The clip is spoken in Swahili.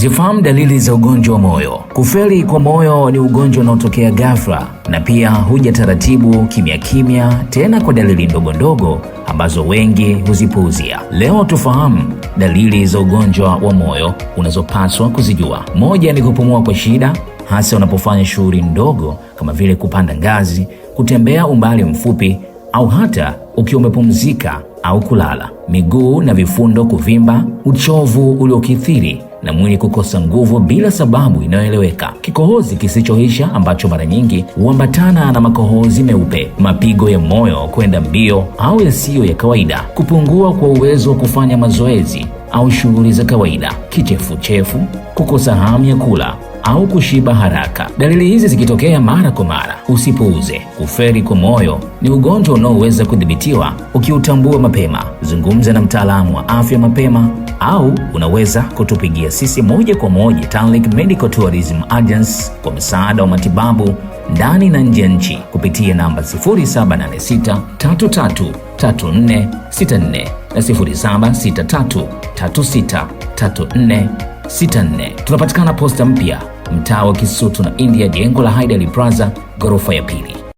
Zifahamu dalili za ugonjwa wa moyo. Kufeli kwa moyo ni ugonjwa unaotokea ghafla na pia huja taratibu, kimya kimya, tena kwa dalili ndogo ndogo ambazo wengi huzipuuzia. Leo tufahamu dalili za ugonjwa wa moyo unazopaswa kuzijua. Moja ni kupumua kwa shida, hasa unapofanya shughuli ndogo kama vile kupanda ngazi, kutembea umbali mfupi, au hata ukiwa umepumzika au kulala. Miguu na vifundo kuvimba, uchovu uliokithiri na mwili kukosa nguvu bila sababu inayoeleweka, kikohozi kisichoisha ambacho mara nyingi huambatana na makohozi meupe, mapigo ya moyo kwenda mbio au yasiyo ya kawaida, kupungua kwa uwezo wa kufanya mazoezi au shughuli za kawaida, kichefuchefu, kukosa hamu ya kula au kushiba haraka. Dalili hizi zikitokea mara kwa mara, usipuuze. Kuferi kwa moyo ni ugonjwa unaoweza kudhibitiwa ukiutambua mapema. Zungumza na mtaalamu wa afya mapema, au unaweza kutupigia sisi moja kwa moja Tanlink Medical Tourism Agency kwa msaada wa matibabu ndani na nje ya nchi kupitia namba 64 na 0763363464. Tunapatikana posta mpya, mtaa wa Kisutu na India, jengo la Haidali Plaza, ghorofa ya pili.